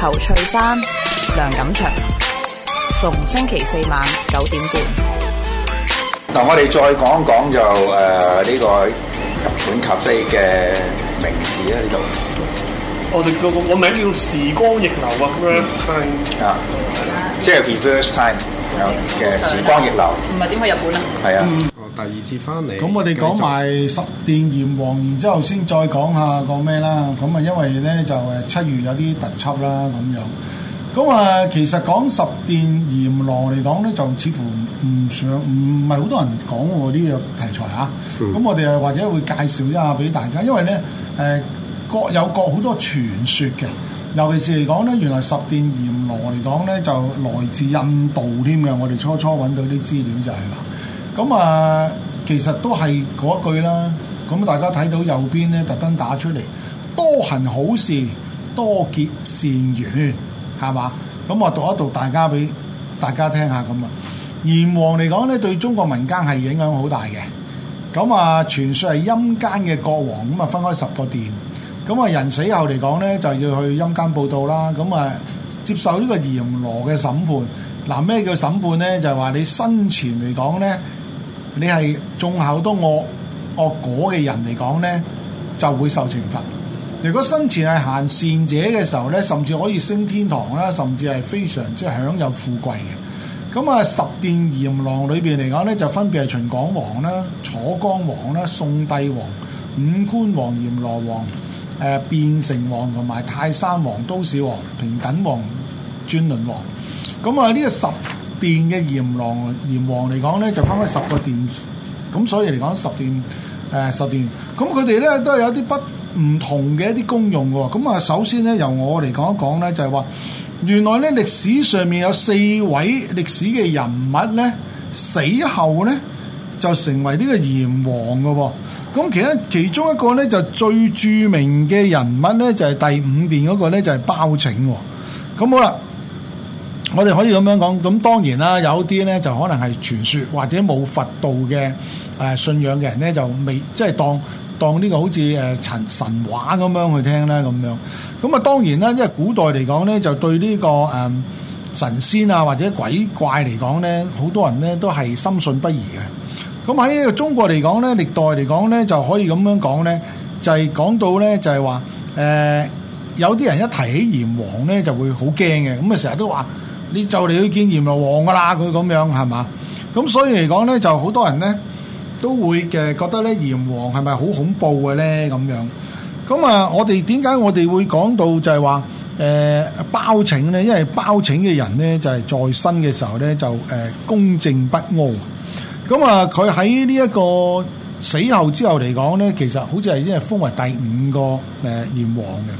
侯翠珊、梁錦祥，逢星期四晚九點半。嗱，我哋再講講就誒呢個日本咖啡嘅名字咧，呢度。我哋個個名叫時光逆流啊，reverse time 啊，即係 reverse time 嘅時光逆流。唔係點去日本啊？係啊。第二節翻嚟，咁我哋講埋十殿閻王，然之後先再講下個咩啦。咁啊，因為咧就誒七月有啲特輯啦，咁樣。咁啊，其實講十殿閻羅嚟講咧，就似乎唔上，唔係好多人講喎呢個題材啊。咁、嗯、我哋啊，或者會介紹一下俾大家，因為咧誒各有各好多傳說嘅，尤其是嚟講咧，原來十殿閻羅嚟講咧，就來自印度添。我哋初初揾到啲資料就係、是、啦。咁啊，其實都係嗰一句啦。咁大家睇到右邊咧，特登打出嚟，多行好事，多結善緣，係嘛？咁我讀一讀，大家俾大家聽下咁啊。閻王嚟講咧，對中國民間係影響好大嘅。咁啊，傳説係陰間嘅國王咁啊，分開十個殿。咁啊，人死後嚟講咧，就要去陰間報到啦。咁啊，接受呢個閻羅嘅審判。嗱，咩叫審判咧？就係話你生前嚟講咧。你係種口都惡惡果嘅人嚟講呢，就會受懲罰。如果生前係行善，善者嘅時候呢，甚至可以升天堂啦，甚至係非常之享有富貴嘅。咁啊，十殿閻王裏邊嚟講呢，就分別係秦廣王啦、楚江王啦、宋帝王、五官王、閻羅王、誒、呃、卞城王同埋泰山王、都市王、平等王、轉輪王。咁啊，呢、這個十。殿嘅閻，閻王閻王嚟講咧，就分開十個殿，咁所以嚟講十殿誒、呃、十殿，咁佢哋咧都有啲不唔同嘅一啲功用喎。咁啊，首先咧由我嚟講一講咧，就係、是、話原來咧歷史上面有四位歷史嘅人物咧，死後咧就成為呢個閻王嘅喎。咁其實其中一個咧就最著名嘅人物咧，就係、是、第五殿嗰個咧，就係、是、包拯。咁、哦、好啦。我哋可以咁樣講，咁當然啦，有啲咧就可能係傳説或者冇佛道嘅誒信仰嘅人咧，就未即係當當呢個好似誒神神話咁樣去聽咧咁樣。咁啊，當然啦，因為古代嚟講咧，就對呢個誒、呃、神仙啊或者鬼怪嚟講咧，好多人咧都係深信不疑嘅。咁喺中國嚟講咧，歷代嚟講咧，就可以咁樣講咧，就係講到咧就係話誒有啲人一提起炎黃咧就會好驚嘅，咁啊成日都話，你就嚟要見閻王噶啦，佢咁樣係嘛？咁所以嚟講咧，就好多人咧都會嘅覺得咧，閻王係咪好恐怖嘅咧？咁樣咁啊，我哋點解我哋會講到就係話誒包拯咧？因為包拯嘅人咧就係、是、在生嘅時候咧就誒公正不阿，咁啊佢喺呢一個死後之後嚟講咧，其實好似係因為封為第五個誒、呃、閻王嘅。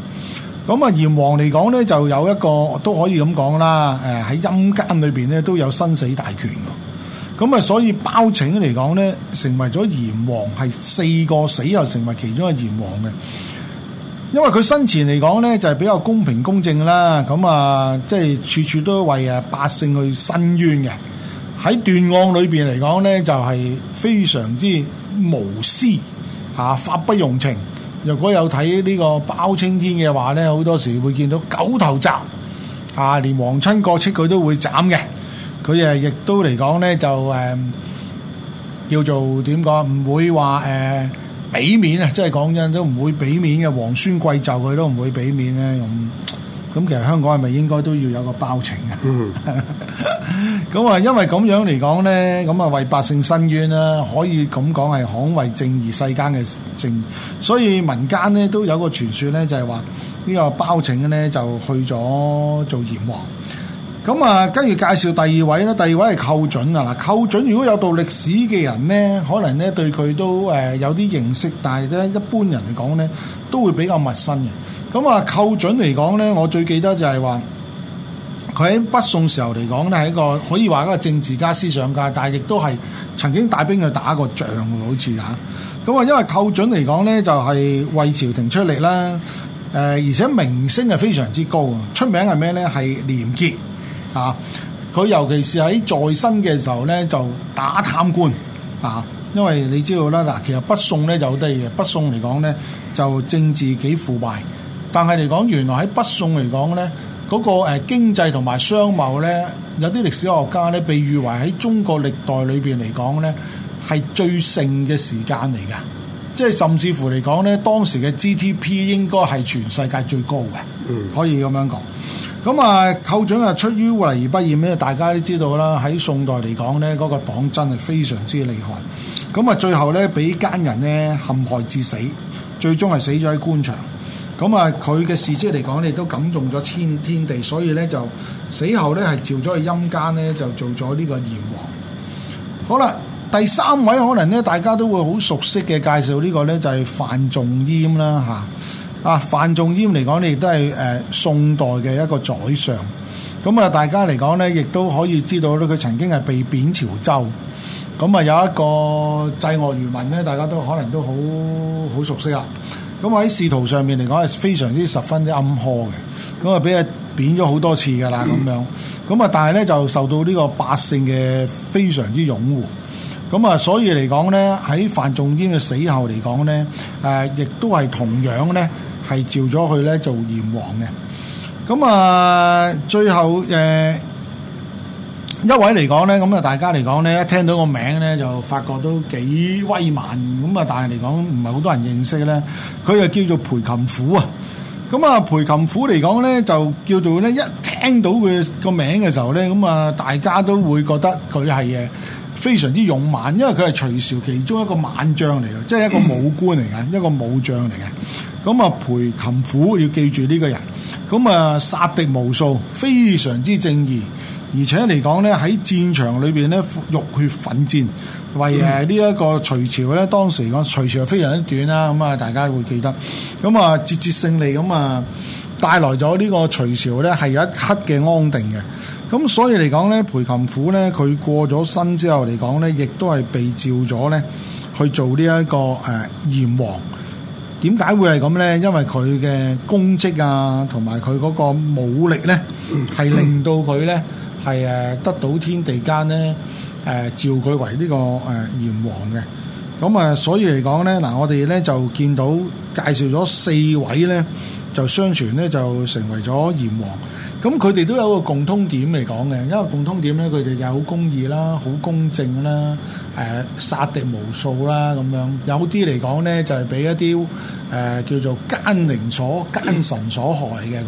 咁啊，閻王嚟講咧，就有一個都可以咁講啦。誒，喺陰間裏邊咧，都有生死大權。咁啊，所以包拯嚟講咧，成為咗閻王係四個死又成為其中嘅閻王嘅。因為佢生前嚟講咧，就係、是、比較公平公正啦。咁啊，即係處處都為啊百姓去伸冤嘅。喺斷案裏邊嚟講咧，就係、是、非常之無私嚇，法不容情。如果有睇呢個包青天嘅話咧，好多時會見到狗頭鍘，啊，連皇親國戚佢都會斬嘅。佢誒亦都嚟講咧，就誒、呃、叫做點講？唔會話誒俾面啊，即係講真都唔會俾面嘅，皇孫貴胄佢都唔會俾面咧。咁、嗯、咁，其實香港係咪應該都要有個包青嘅？Mm hmm. 咁啊，因為咁樣嚟講呢，咁啊為百姓伸冤啦，可以咁講係捍衛正義世間嘅正義，所以民間呢都有個傳說呢，就係話呢個包拯呢就去咗做閻王。咁啊，跟住介紹第二位啦，第二位係寇準啊。寇準如果有讀歷史嘅人呢，可能呢對佢都誒有啲認識，但係呢，一般人嚟講呢，都會比較陌生嘅。咁啊，寇準嚟講呢，我最記得就係話。佢喺北宋時候嚟講咧，係一個可以話一個政治家、思想家，但係亦都係曾經帶兵去打過仗嘅，好似嚇。咁啊，因為寇準嚟講咧，就係、是、為朝廷出力啦。誒、呃，而且名聲係非常之高啊！出名係咩咧？係廉潔啊！佢尤其是喺在，在生嘅時候咧，就打貪官啊！因為你知道啦，嗱，其實北宋咧就好得意嘅，北宋嚟講咧就政治幾腐敗，但係嚟講原來喺北宋嚟講咧。嗰、那個誒、呃、經濟同埋商貿呢，有啲歷史學家呢，被譽為喺中國歷代裏邊嚟講呢，係最盛嘅時間嚟㗎。即係甚至乎嚟講呢，當時嘅 GDP 應該係全世界最高嘅，嗯、可以咁樣講。咁啊，寇準啊，出於為而不厭呢，大家都知道啦。喺宋代嚟講呢，嗰、那個黨爭係非常之厲害。咁啊，最後呢，俾奸人呢，陷害致死，最終係死咗喺官場。咁啊，佢嘅事跡嚟講，你都感動咗千天地，所以咧就死後咧係召咗去陰間咧，就做咗呢個閻王。好啦，第三位可能咧，大家都會好熟悉嘅介紹呢、這個咧，就係范仲淹啦吓，啊，范仲淹嚟講，你亦都係誒宋代嘅一個宰相。咁啊，大家嚟講咧，亦都可以知道咧，佢曾經係被貶潮州。咁啊，有一個祭鱷魚文咧，大家都可能都好好熟悉啦。咁喺仕途上面嚟講係非常之十分之暗坷嘅，咁啊俾佢貶咗好多次㗎啦咁樣，咁啊、嗯、但係咧就受到呢個百姓嘅非常之擁護，咁啊所以嚟講咧喺范仲淹嘅死後嚟講咧，誒、呃、亦都係同樣咧係召咗佢咧做閻王嘅，咁啊最後誒。呃一位嚟講呢，咁啊大家嚟講呢，一聽到個名呢，就發覺都幾威猛。咁啊，但係嚟講唔係好多人認識呢。佢就叫做裴擒虎啊。咁啊，裴擒虎嚟講呢，就叫做呢。一聽到佢個名嘅時候呢，咁啊，大家都會覺得佢係嘅非常之勇猛，因為佢係隋朝其中一個猛將嚟嘅，即係一個武官嚟嘅， 一個武將嚟嘅。咁啊，裴擒虎要記住呢個人。咁啊，殺敵無數，非常之正義。而且嚟講咧，喺戰場裏邊咧，浴血奮戰，為誒呢一個隋朝咧，當時嚟講，隋朝非常之短啦。咁啊，大家會記得，咁啊，節節勝利咁啊，帶來咗呢個隋朝咧係有一刻嘅安定嘅。咁所以嚟講咧，裴擒虎咧，佢過咗身之後嚟講咧，亦都係被召咗咧去做呢、這、一個誒、呃、閻王。點解會係咁咧？因為佢嘅功績啊，同埋佢嗰個武力咧，係、嗯、令到佢咧。係誒得到天地間咧誒，召佢為呢個誒炎王嘅。咁啊，所以嚟講咧，嗱我哋咧就見到介紹咗四位咧，就相傳咧就成為咗炎王。咁佢哋都有個共通點嚟講嘅，因為共通點咧，佢哋就好公義啦，好公正啦，誒殺敵無數啦咁樣。有啲嚟講咧，就係俾一啲誒叫做奸靈所奸神所害嘅咁。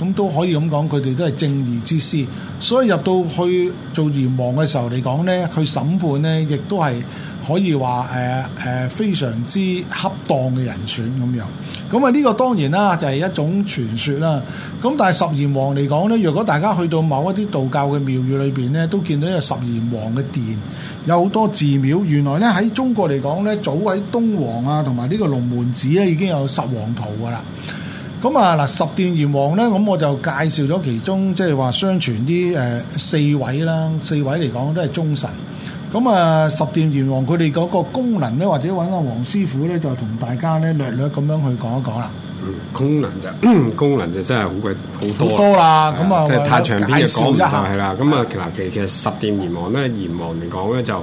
咁都可以咁講，佢哋都係正義之師，所以入到去做閻王嘅時候嚟講呢，佢審判呢，亦都係可以話誒誒非常之恰當嘅人選咁樣。咁啊呢個當然啦，就係、是、一種傳說啦。咁但係十閻王嚟講呢，如果大家去到某一啲道教嘅廟宇裏邊呢，都見到有十閻王嘅殿，有好多寺廟。原來呢，喺中國嚟講呢，早喺東王啊同埋呢個龍門寺咧，啊，已經有十王圖噶啦。咁啊嗱，十殿閻王咧，咁我就介紹咗其中即係話相傳啲誒四位啦。四位嚟講都係忠臣。咁啊，十殿閻王佢哋嗰個功能咧，或者揾阿黃師傅咧，就同大家咧略略咁樣去講一講啦。嗯，功能就功能就真係好鬼好多好多啦。咁啊，太長篇又講唔埋係啦。咁啊、嗯，其實其實十殿閻王咧，閻王嚟講咧就。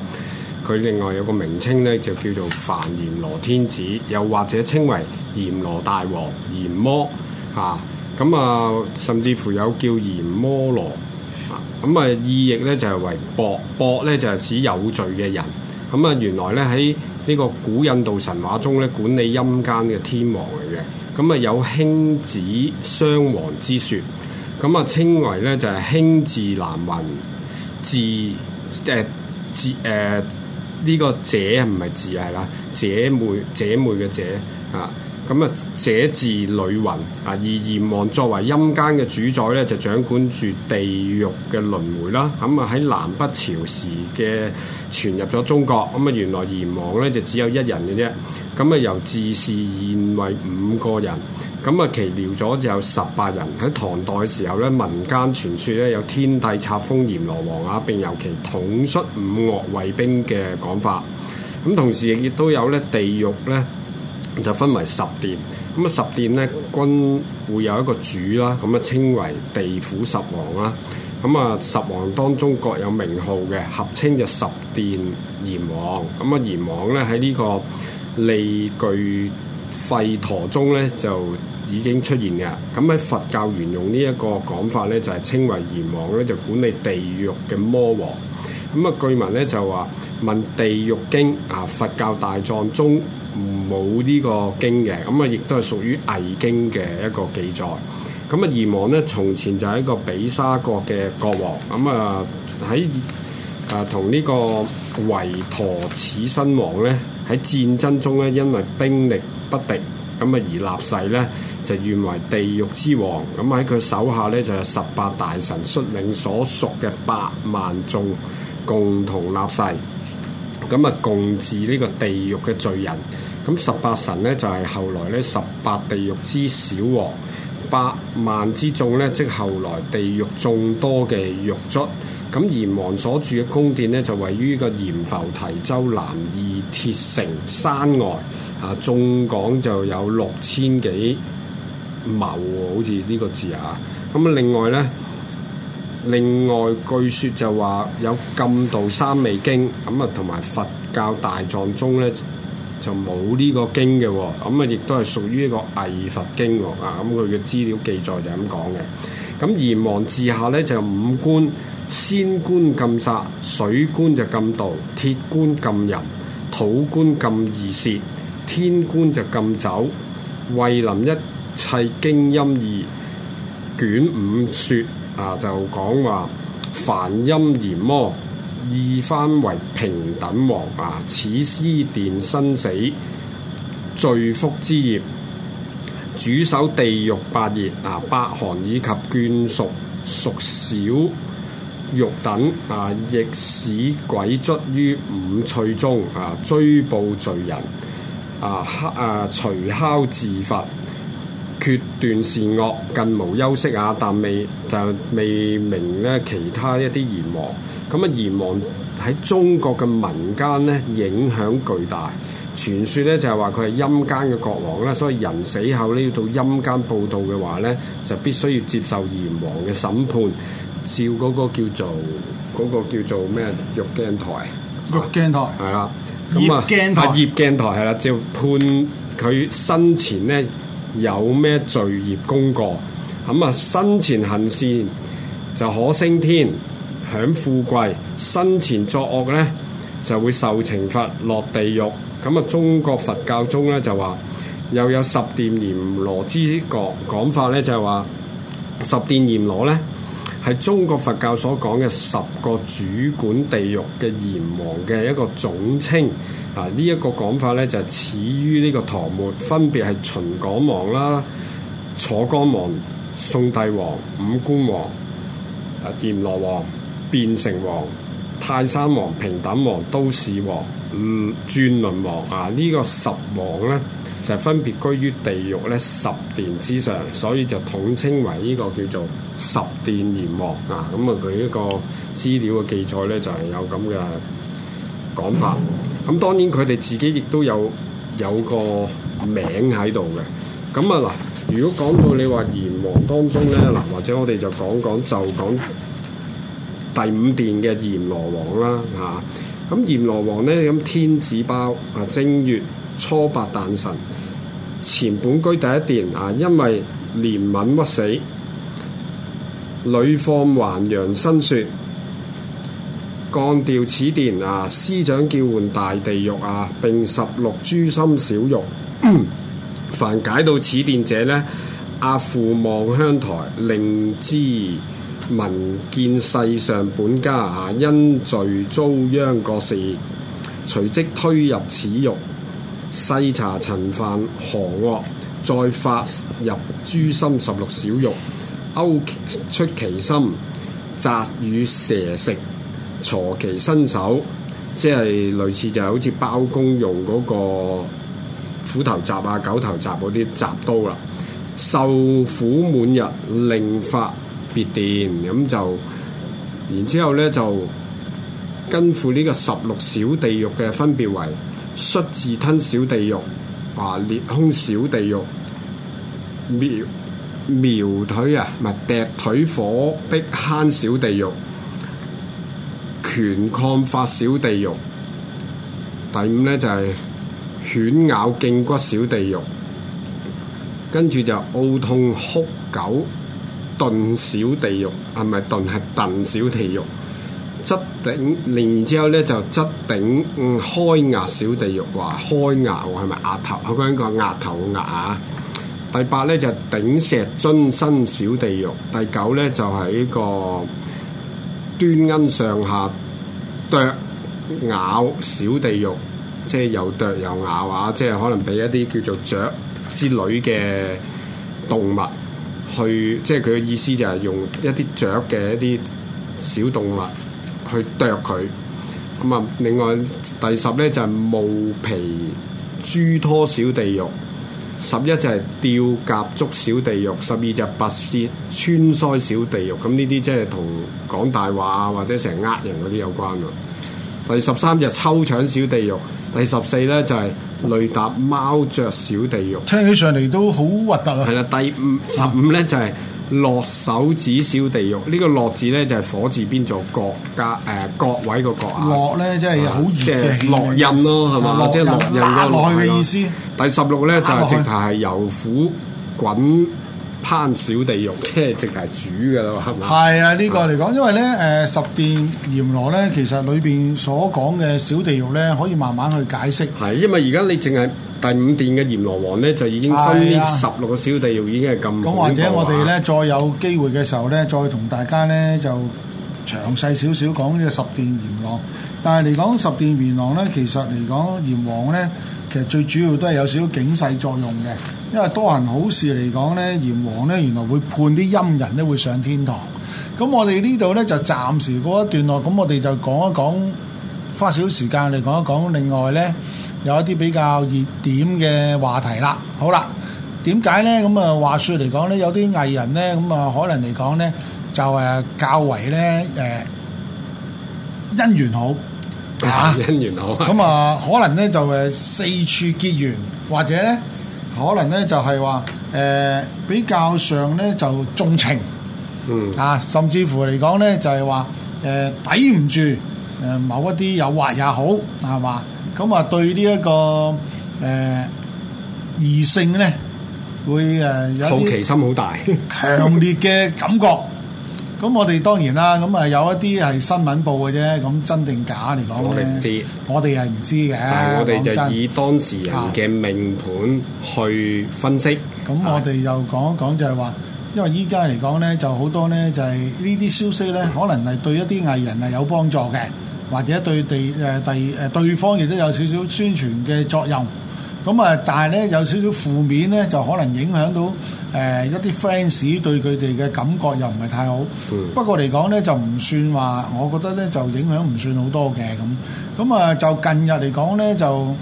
佢另外有個名稱咧，就叫做梵閻羅天子，又或者稱為閻羅大王閻魔啊，咁啊，甚至乎有叫閻摩羅，咁啊意譯咧就係、是、為博博呢」，咧就係、是、指有罪嘅人，咁啊原來咧喺呢個古印度神話中咧，管理陰間嘅天王嚟嘅，咁啊有兄子雙王之説，咁啊稱為咧就係兄字難聞字誒字誒。呢、這個姐唔係字係啦，姐妹姐妹嘅姐啊，咁啊姐字女魂啊，而閻王作為陰間嘅主宰咧，就掌管住地獄嘅輪迴啦。咁啊喺、啊嗯、南北朝時嘅傳入咗中國，咁啊原來閻王咧就只有一人嘅啫，咁啊、嗯、啊由自是現為五個人。咁啊，其僚佐就有十八人。喺唐代嘅時候咧，民間傳說咧有天帝冊封閻羅王啊，並由其統率五岳衛兵嘅講法。咁同時亦都有咧地獄咧就分為十殿，咁啊十殿咧均會有一個主啦，咁啊稱為地府十王啦。咁啊十王當中各有名號嘅，合稱就十殿閻王。咁啊閻王咧喺呢個梨俱吠陀中咧就。已經出現嘅，咁喺佛教沿用呢一個講法咧，就係、是、稱為閻王咧，就管理地獄嘅魔王。咁啊，據聞咧就話問地獄經啊，佛教大藏中冇呢個經嘅。咁啊，亦都係屬於偽經嘅一個記載。咁啊，閻王咧從前就係一個比沙國嘅國王。咁啊喺啊同呢個維陀始身王咧喺戰爭中咧，因為兵力不敵，咁啊而立誓咧。就願為地獄之王，咁喺佢手下咧就係十八大神率領所屬嘅百萬眾共同立誓，咁啊共治呢個地獄嘅罪人。咁十八神咧就係、是、後來咧十八地獄之小王，百萬之眾咧即後來地獄眾多嘅獄卒。咁閻王所住嘅宮殿咧就位於個閻浮提州南二鐵城山外，啊，總講就有六千幾。冇好似呢個字啊！咁啊，另外咧，另外據說就話有禁道三味經，咁啊，同埋佛教大藏經咧就冇呢個經嘅喎，咁啊，亦都係屬於一個偽佛經喎啊！咁佢嘅資料記載就咁講嘅。咁閻王治下咧就五官仙官禁殺，水官就禁道，鐵官禁淫，土官禁二舌，天官就禁酒，魏林一。《契經音義卷五》説：啊，就講話凡、啊、音閻魔，義翻為平等王啊。此屍電生死罪福之業，主守地獄八熱啊，八寒以及眷屬屬小獄等啊，亦使鬼卒於五趣中啊追捕罪人啊啊，捶、啊、敲自罰。決斷善惡，更無休息啊！但未就未明咧，其他一啲閻王咁啊！閻王喺中國嘅民間咧影響巨大，傳説咧就係話佢係陰間嘅國王啦，所以人死後咧要到陰間報到嘅話咧，就必須要接受閻王嘅審判，照嗰個叫做嗰、那個、叫做咩玉鏡台，玉鏡台係啦，咁啊了葉鏡台係啦、啊，照判佢生前咧。有咩罪孽功過？咁啊，生前行善就可升天享富貴；生前作惡嘅咧，就會受懲罰落地獄。咁啊，中國佛教中咧就話，又有十殿閻羅之說講法咧，就係話十殿閻羅咧係中國佛教所講嘅十個主管地獄嘅閻王嘅一個總稱。啊！這個、呢一個講法咧，就係、是、始於呢個唐末，分別係秦廣王啦、楚江王、宋帝王、五官王、啊、閻羅王、卞城王、泰山王、平等王、都市王、轉輪王。啊！呢、這個十王咧，就是、分別居於地獄咧十殿之上，所以就統稱為呢個叫做十殿閻王。啊！咁、嗯、啊，佢、這、一個資料嘅記載咧，就係、是、有咁嘅講法。咁當然佢哋自己亦都有有個名喺度嘅。咁啊嗱，如果講到你話閻王當中咧嗱、啊，或者我哋就講講就講第五殿嘅閻羅王啦嚇。咁、啊、閻、啊、羅王咧咁天子包啊正月初八誕辰，前本居第一殿啊，因為憐憫屈死，屢放還陽新雪。降調此殿啊，司掌叫喚大地獄啊，並十六誅心小獄。嗯、凡解到此殿者呢，阿、啊、父望鄉台，令之聞見世上本家啊，因罪遭殃各事。隨即推入此獄，細查曾犯何惡，再發入誅心十六小獄，勾出其心，擲與蛇食。鋤其身手，即係類似就好似包公用嗰個虎頭鍘啊、狗頭鍘嗰啲鍘刀啦。受苦滿日，令發別殿，咁就，然之後咧就跟付呢個十六小地獄嘅分別為：縮字吞小地獄、話裂空小地獄、苗苗腿啊，唔係踢腿火逼慳小地獄。拳抗發小地獄，第五咧就係、是、犬咬頸骨小地獄，跟住就奧痛哭狗頓小地獄，係咪頓係頓小地獄？則頂，然之後咧就則頂、嗯、開牙小地獄，話、啊、開牙係咪牙頭？好講一個牙頭牙啊！第八咧就頂、是、石樽身小地獄，第九咧就係、是、呢個。端跟上下啄咬小地獄，即係又啄又咬啊！即係可能俾一啲叫做雀之類嘅動物去，即係佢嘅意思就係用一啲雀嘅一啲小動物去啄佢。咁啊，另外第十咧就係、是、毛皮豬拖小地獄。十一就係吊甲竹小地獄，十二就拔舌穿腮小地獄，咁呢啲即係同講大話或者成日呃人嗰啲有關㗎。第十三就抽腸小地獄，第十四咧就係雷打貓雀小地獄，聽起上嚟都好核突啊！係啦，第五十五咧就係、是。落手指小地獄呢，這個落字咧就係、是、火字邊做各加誒、呃、各位個各呢、就是、啊！就是、落咧即係好易嘅落音咯係嘛？即係落音嘅落去嘅意思。第十六咧就係直頭係油釜滾烹小地獄，即係直頭係煮嘅啦，係咪？係啊，呢，這個嚟講，因為咧誒、呃、十殿閻羅咧，其實裏邊所講嘅小地獄咧，可以慢慢去解釋。係，因為而家你淨係。第五殿嘅閻羅王咧，就已經分呢十六個小地獄，已經係咁恐怖啦。咁或者我哋咧，再有機會嘅時候咧，再同大家咧就詳細少少講呢個十殿閻王。但係嚟講十殿閻王咧，其實嚟講閻王咧，其實最主要都係有少少警示作用嘅。因為多行好事嚟講咧，閻王咧原來會判啲陰人咧會上天堂。咁我哋呢度咧就暫時過一段落，咁我哋就講一講，花少時間嚟講一講，另外咧。有一啲比較熱點嘅話題啦，好啦，點解咧？咁啊，話説嚟講咧，有啲藝人咧，咁啊，可能嚟講咧，就誒較為咧誒姻緣好嚇，姻、呃、姻緣好。咁啊，啊可能咧就誒四處結緣，或者咧，可能咧就係話誒比較上咧就重情，嗯啊，甚至乎嚟講咧就係話誒抵唔住誒某一啲誘惑也好，係嘛？咁啊，對呢、這、一個誒、呃、異性咧，會誒、呃、有啲好奇心好大，強 烈嘅感覺。咁我哋當然啦，咁啊有一啲係新聞報嘅啫。咁真定假嚟講咧，我哋係唔知嘅。但係我哋就以當事人嘅命盤去分析。咁的我哋又講一講就係話，因為依家嚟講咧，就好多咧就係呢啲消息咧，可能係對一啲藝人係有幫助嘅。或者對第誒第誒對方亦都有少少宣傳嘅作用，咁、嗯、啊，但係咧有少少負面咧，就可能影響到誒、呃、一啲 fans 對佢哋嘅感覺又唔係太好。嗯、不過嚟講咧就唔算話，我覺得咧就影響唔算好多嘅咁。咁、嗯、啊就近日嚟講咧就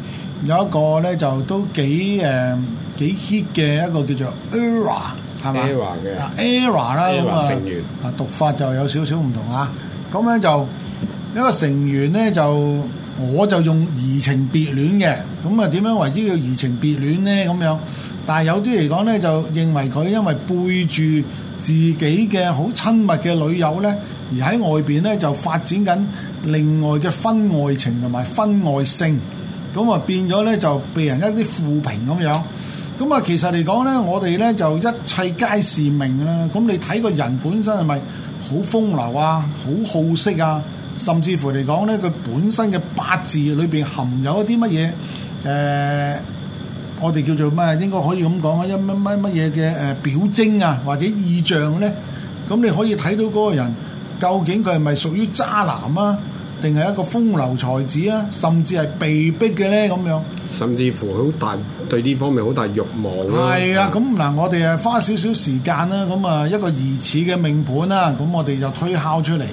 有一個咧就都幾誒幾 hit 嘅一個叫做 ERROR 係咪 e r、er、a、yeah，嘅 ERROR 啦成員啊、er、讀法就有少少唔同啊，咁咧就。嗯嗯一個成員咧就我就用移情別戀嘅，咁啊點樣為之叫移情別戀呢？咁樣，但係有啲嚟講咧就認為佢因為背住自己嘅好親密嘅女友咧，而喺外邊咧就發展緊另外嘅婚外情同埋婚外性，咁啊變咗咧就被人一啲負評咁樣。咁啊其實嚟講咧，我哋咧就一切皆是命啦。咁你睇個人本身係咪好風流啊？好好色啊？甚至乎嚟講咧，佢本身嘅八字裏邊含有一啲乜嘢？誒、呃，我哋叫做咩？應該可以咁講啊，一乜乜乜嘢嘅誒表徵啊，或者意象咧？咁你可以睇到嗰個人究竟佢係咪屬於渣男啊，定係一個風流才子啊？甚至係被逼嘅咧咁樣。甚至乎好大對呢方面好大慾望咯。係啊，咁嗱，我哋啊花少少時間啦，咁啊一個疑似嘅命盤啦、啊，咁我哋就推敲出嚟。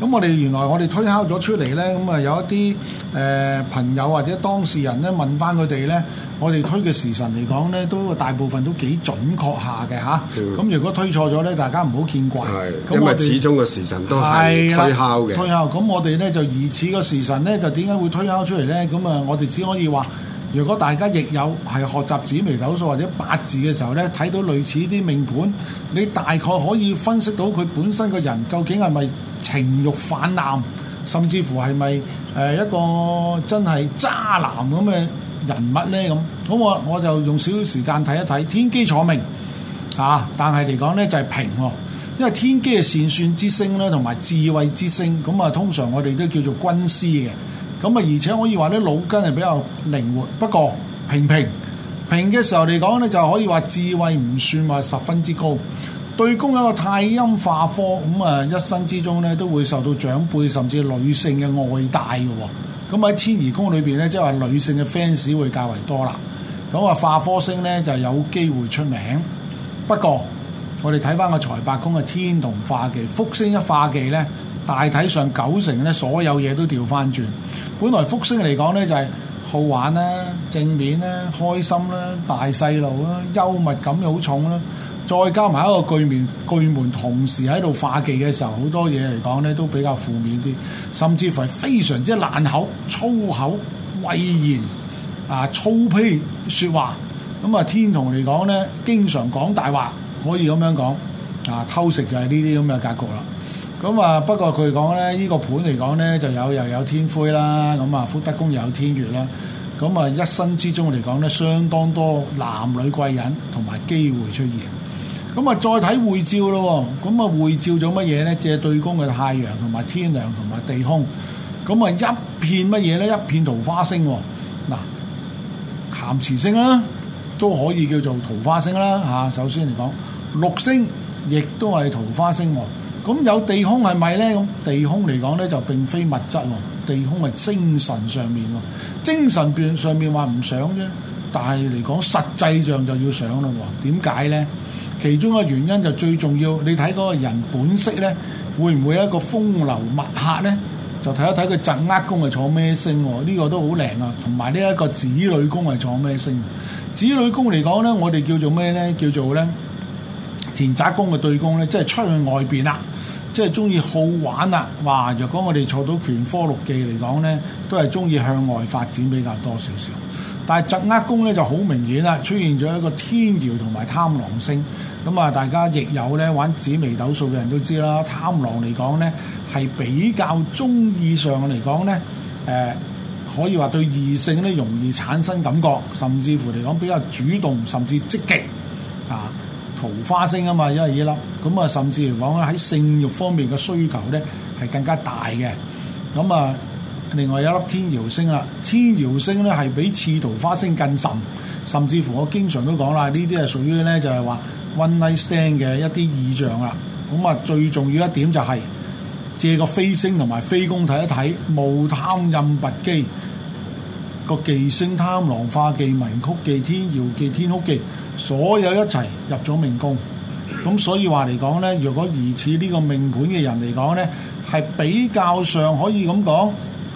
咁我哋原來我哋推敲咗出嚟呢，咁啊有一啲誒、呃、朋友或者當事人呢問翻佢哋呢，我哋推嘅時辰嚟講呢，都大部分都幾準確下嘅吓。咁、嗯、如果推錯咗呢，大家唔好見怪。咁因為始終個時辰都係推敲嘅。推敲咁我哋呢，就疑似個時辰呢，就點解會推敲出嚟呢？咁啊，我哋只可以話。如果大家亦有係學習紫微斗數或者八字嘅時候咧，睇到類似啲命盤，你大概可以分析到佢本身個人究竟係咪情欲氾濫，甚至乎係咪誒一個真係渣男咁嘅人物咧咁。咁我我就用少少時間睇一睇天機坐命啊！但係嚟講咧就係、是、平喎、哦，因為天機係善算之星啦，同埋智慧之星，咁啊通常我哋都叫做軍師嘅。咁啊，而且可以話，咧，腦筋係比較靈活，不過平平平嘅時候嚟講，咧，就可以話智慧唔算話十分之高。對宮有一個太陰化科，咁、嗯、啊，一生之中咧都會受到長輩甚至女性嘅愛戴嘅。咁、嗯、喺遷移宮裏邊咧，即係話女性嘅 fans 會較為多啦。咁啊，化科星咧就有機會出名，不過我哋睇翻個財帛宮嘅天同化忌，福星一化忌咧。大體上九成咧，所有嘢都調翻轉。本來福星嚟講咧，就係好玩啦、正面啦、開心啦、大細路啦、幽默感又好重啦。再加埋一個巨面巨門同時喺度化忌嘅時候，好多嘢嚟講咧都比較負面啲，甚至乎係非常之爛口粗口、威言啊粗鄙說話。咁、嗯、啊，天同嚟講咧，經常講大話，可以咁樣講啊，偷食就係呢啲咁嘅格局啦。咁啊，不過佢講咧，依、這個盤嚟講咧，就有又有天魁啦，咁啊福德宮又有天月啦，咁啊一生之中嚟講咧，相當多男女貴人同埋機會出現。咁啊，再睇會照咯，咁啊會照咗乜嘢咧？借對宮嘅太陽同埋天梁同埋地空，咁啊一片乜嘢咧？一片桃花星，嗱，咸池星啦，都可以叫做桃花星啦。嚇，首先嚟講，六星亦都係桃花星。咁有地空係咪咧？咁地空嚟講咧就並非物質喎，地空係精神上面喎。精神上上面話唔想啫，但係嚟講實際上就要想啦喎。點解咧？其中個原因就最重要。你睇嗰個人本色咧，會唔會一個風流墨客咧？就睇一睇佢鎮壓宮係坐咩星喎？呢、這個都好靚啊！同埋呢一個子女宮係坐咩星？子女宮嚟講咧，我哋叫做咩咧？叫做咧田宅宮嘅對宮咧，即係出去外邊啦。即係中意好玩啦、啊，話若果我哋坐到權科祿忌嚟講呢都係中意向外發展比較多少少。但係疾厄宮呢就好明顯啦，出現咗一個天姚同埋貪狼星。咁啊，大家亦有呢玩紫微斗數嘅人都知啦，貪狼嚟講呢係比較中意上嚟講呢誒、呃、可以話對異性呢容易產生感覺，甚至乎嚟講比較主動，甚至積極啊。桃花星啊嘛，因為呢粒咁啊，甚至嚟講喺性欲方面嘅需求咧，係更加大嘅。咁啊，另外有粒天姚星啦，天姚星咧係比次桃花星更甚，甚至乎我經常都講啦，呢啲係屬於咧就係話 one night stand 嘅一啲意象啊。咁啊，最重要一點就係、是、借個飛星同埋飛宮睇一睇，無貪任拔機，個忌星貪狼化忌、文曲忌、天姚忌、天哭忌，所有一齊入咗命宮，咁所以話嚟講咧，如果疑似呢個命盤嘅人嚟講咧，係比較上可以咁講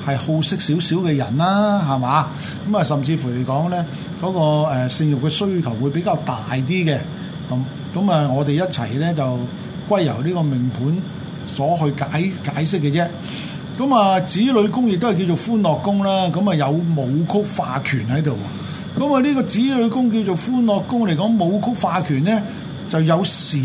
係好色少少嘅人啦，係嘛？咁啊，甚至乎嚟講咧，嗰、嗰個、呃、性欲嘅需求會比較大啲嘅。咁咁啊，我哋一齊咧就歸由呢個命盤所去解解釋嘅啫。咁啊，子女宮亦都係叫做歡樂宮啦，咁啊有武曲化權喺度。咁啊！呢個子女宮叫做歡樂宮嚟講，武曲化權咧就有少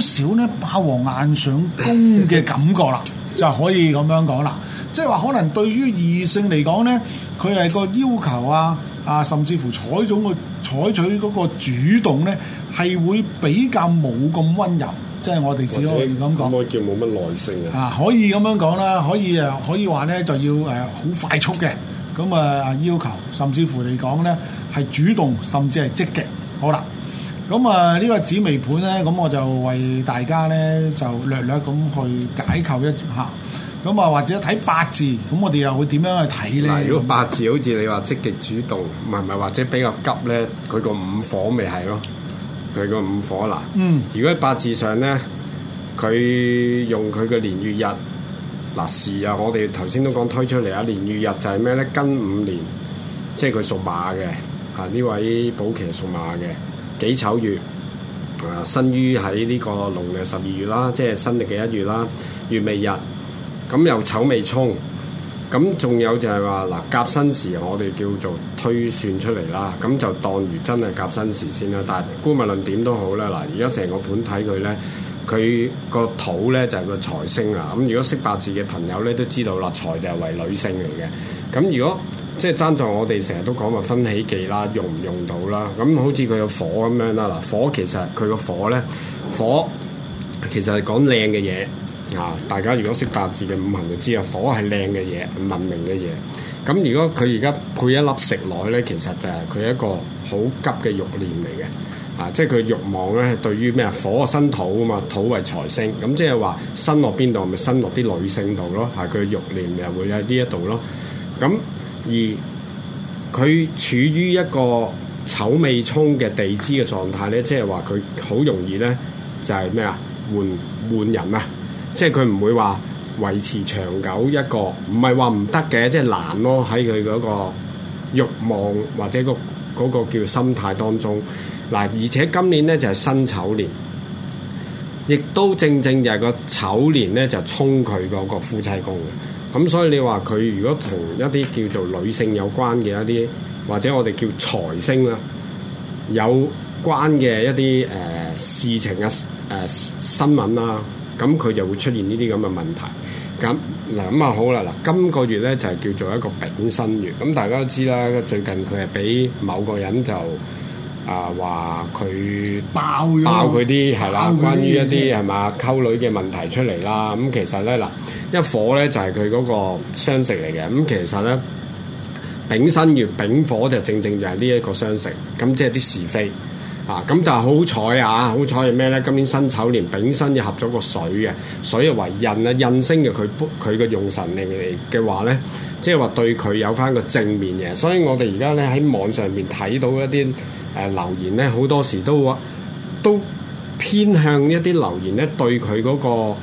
少咧霸王硬上弓嘅感覺啦， 就可以咁樣講啦。即係話，可能對於異性嚟講咧，佢係個要求啊啊，甚至乎採種個採取嗰個主動咧，係會比較冇咁溫柔，即係我哋只可以咁講，或者，可唔可以叫冇乜耐性啊？啊，可以咁樣講啦，可以誒，可以話咧就要誒好快速嘅。咁啊要求，甚至乎嚟講咧，係主動，甚至係積極。好啦，咁啊呢個紫微盤咧，咁我就為大家咧就略略咁去解構一下。咁啊或者睇八字，咁我哋又會點樣去睇咧？如果八字好似你話積極主動，唔係咪？或者比較急咧，佢個五火咪係咯，佢個五火嗱。嗯。如果喺八字上咧，佢用佢嘅年月日。嗱是啊，我哋頭先都講推出嚟啊，年月日就係咩咧？庚午年，即係佢屬馬嘅。啊，呢位保錡係屬馬嘅，己丑月，啊，生於喺呢個農曆十二月啦、啊，即係新歷嘅一月啦，月未日，咁、啊、又丑未沖，咁、啊、仲有就係話嗱，甲、啊、申時，我哋叫做推算出嚟啦，咁、啊、就當如真係甲申時先啦。但係，姑勿論點都好啦，嗱、啊，而家成個盤睇佢咧。佢個土咧就係個財星啊！咁如果識八字嘅朋友咧都知道啦，財就係為女性嚟嘅。咁如果即係爭在我哋成日都講話分喜忌啦，用唔用到啦？咁好似佢有火咁樣啦。嗱，火其實佢個火咧，火其實係講靚嘅嘢啊！大家如果識八字嘅五行就知啊，火係靚嘅嘢，文明嘅嘢。咁如果佢而家配一粒食神咧，其實就係佢一個好急嘅慾念嚟嘅。啊！即係佢慾望咧，對於咩啊火生土啊嘛，土為財星，咁、嗯、即係話生落邊度咪生落啲女性度咯？係佢嘅慾念咪會喺呢一度咯。咁、嗯、而佢處於一個丑未沖嘅地支嘅狀態咧，即係話佢好容易咧就係咩啊換換人啊！即係佢唔會話維持長久一個，唔係話唔得嘅，即、就、係、係、難咯喺佢嗰個慾望或者、嗰個嗰、嗰個叫心態當中。嗱，而且今年咧就係、是、辛丑年，亦都正正就係個丑年咧，就是、衝佢嗰個夫妻宮嘅。咁所以你話佢如果同一啲叫做女性有關嘅一啲，或者我哋叫財星啦，有關嘅一啲誒、呃、事情啊、誒、呃、新聞啦，咁佢就會出現呢啲咁嘅問題。咁嗱咁啊好啦，嗱、這、今個月咧就是、叫做一個丙申月，咁大家都知啦，最近佢係俾某個人就。啊！話佢包爆佢啲係啦，關於一啲係嘛溝女嘅問題出嚟啦。咁、嗯、其實咧嗱，一火咧就係佢嗰個傷食嚟嘅。咁、嗯、其實咧，丙申月丙火就正正就係呢一個傷食。咁即係啲是非啊。咁但係好彩啊！好彩係咩咧？今年辛丑年丙辛又合咗個水嘅，水又為印啊，印星嘅佢佢嘅用神嚟嘅話咧，即係話對佢有翻個正面嘅。所以我哋而家咧喺網上面睇到一啲。誒、呃、留言咧好多時都都偏向一啲留言咧對佢嗰個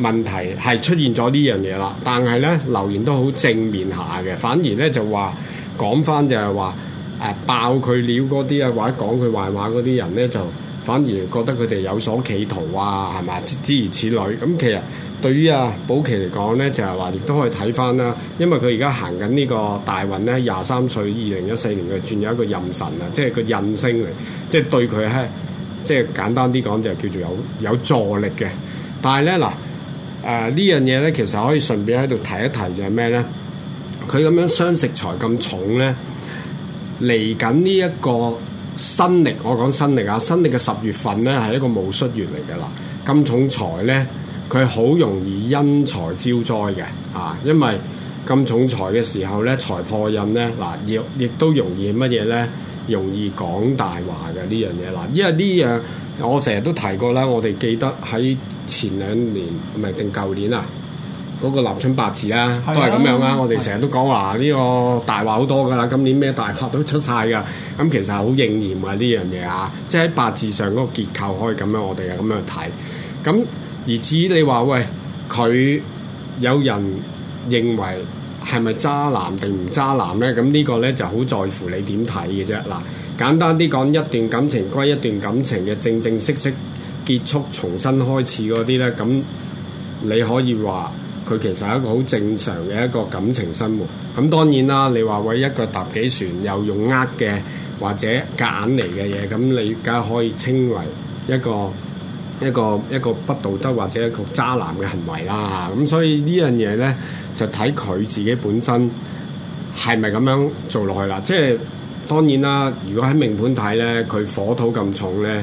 問題係出現咗呢樣嘢啦，但係咧留言都好正面下嘅，反而咧就話講翻就係話誒爆佢料嗰啲啊，或者講佢壞話嗰啲人咧，就反而覺得佢哋有所企圖啊，係嘛？諸如此類，咁、嗯、其實。對於啊保錡嚟講咧，就係話亦都可以睇翻啦。因為佢而家行緊呢個大運咧，廿三歲二零一四年佢轉咗一個任神啊，即係個印星嚟，即係對佢係，即係簡單啲講就係叫做有有助力嘅。但係咧嗱，誒、呃、呢樣嘢咧，其實可以順便喺度提一提，就係咩咧？佢咁樣傷食財咁重咧，嚟緊呢一個新曆，我講新曆啊，新曆嘅十月份咧係一個戊戌月嚟嘅啦，咁重財咧。佢好容易因財招災嘅，啊，因為咁重財嘅時候咧，財破印咧，嗱、啊，亦亦都容易乜嘢咧？容易講大話嘅呢樣嘢嗱，因為呢樣我成日都提過啦，我哋記得喺前兩年唔係定舊年啊，嗰、嗰個立春八字啊，啊都係咁樣啦、啊。嗯、我哋成日都講、啊呢個、話呢個大話好多噶啦，今年咩大客都出晒噶，咁、啊、其實好應驗嘅呢樣嘢啊！即係喺八字上嗰個結構可以咁樣，我哋又咁樣睇，咁。而至於你話喂佢有人認為係咪渣男定唔渣男呢？咁呢個呢，就好在乎你點睇嘅啫。嗱，簡單啲講，一段感情歸一段感情嘅正正式式結束重新開始嗰啲呢。咁你可以話佢其實係一個好正常嘅一個感情生活。咁當然啦，你話喂一個搭幾船又用呃嘅或者揀嚟嘅嘢，咁你而家可以稱為一個，一個一個不道德或者一個渣男嘅行為啦，咁、嗯、所以呢樣嘢咧就睇佢自己本身係咪咁樣做落去啦。即係當然啦，如果喺命盤睇咧，佢火土咁重咧，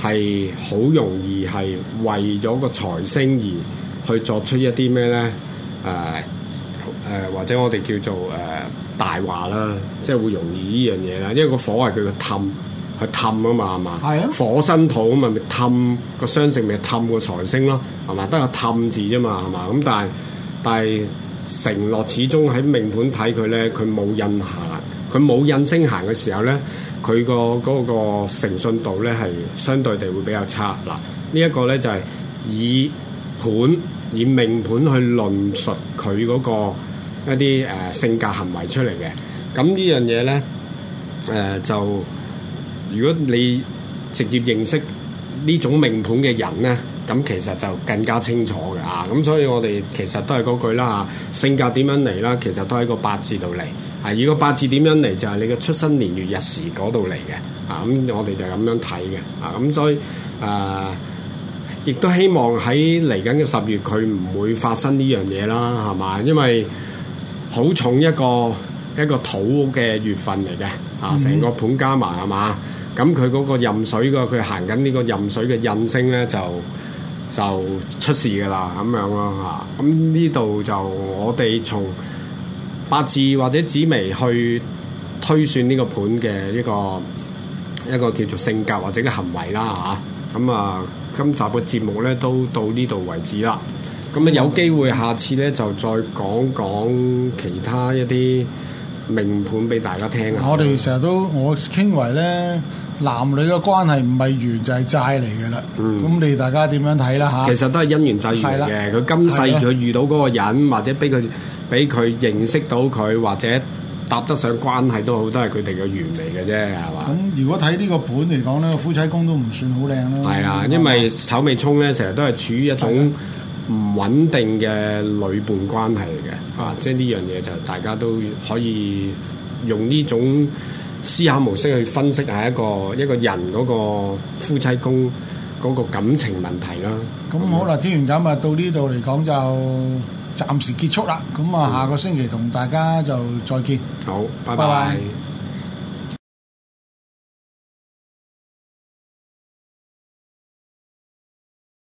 係好容易係為咗個財星而去作出一啲咩咧？誒、呃、誒、呃、或者我哋叫做誒、呃、大話啦，即係會容易呢樣嘢啦。因為個火係佢嘅氹。去氹啊嘛，係嘛？火生土咁咪氹個傷星咪氹個財星咯，係嘛？得個氹字啫嘛，係嘛？咁但係但係承諾始終喺命盤睇佢咧，佢冇印行，佢冇印星行嘅時候咧，佢、嗰個嗰、嗰個誠信度咧係相對地會比較差嗱。呢一、呢個咧就係以盤以命盤去論述佢嗰個一啲誒、呃、性格行為出嚟嘅。咁呢樣嘢咧，誒、呃、就。如果你直接認識呢種命盤嘅人呢，咁其實就更加清楚嘅啊！咁所以我哋其實都係嗰句啦、啊，性格點樣嚟啦？其實都喺個八字度嚟啊！如果八字點樣嚟，就係、是、你嘅出生年月日時嗰度嚟嘅啊！咁我哋就咁樣睇嘅啊！咁所以誒，亦、啊、都希望喺嚟緊嘅十月，佢唔會發生呢樣嘢啦，係嘛？因為好重一個一個土嘅月份嚟嘅啊，成個盤加埋係嘛？咁佢嗰個任水個佢行緊呢個任水嘅印星咧，就就出事噶啦咁樣咯、啊、嚇。咁呢度就我哋從八字或者紫微去推算呢個盤嘅一個一個叫做性格或者嘅行為啦嚇。咁啊，今集嘅節目咧都到呢度為止啦。咁啊，有機會下次咧就再講講其他一啲。名盤俾大家聽啊！我哋成日都我傾為咧，男女嘅關係唔係緣就係、是、債嚟嘅啦。嗯，咁你大家點樣睇啦？嚇，其實都係因緣際遇嚟嘅。佢的今世佢遇到嗰個人，的或者俾佢俾佢認識到佢，或者搭得上關係都好，都係佢哋嘅緣嚟嘅啫，係嘛？咁、嗯、如果睇呢個本嚟講咧，夫妻宮都唔算好靚咯。係啊的，嗯、因為丑未衝咧，成日都係處於一種。唔穩定嘅女伴關係嚟嘅，啊，即係呢樣嘢就大家都可以用呢種思考模式去分析一下一個一個人嗰個夫妻宮嗰個感情問題啦。咁、嗯嗯、好啦，天玄咁啊，到呢度嚟講就暫時結束啦。咁啊，下個星期同大家就再見。好，拜拜。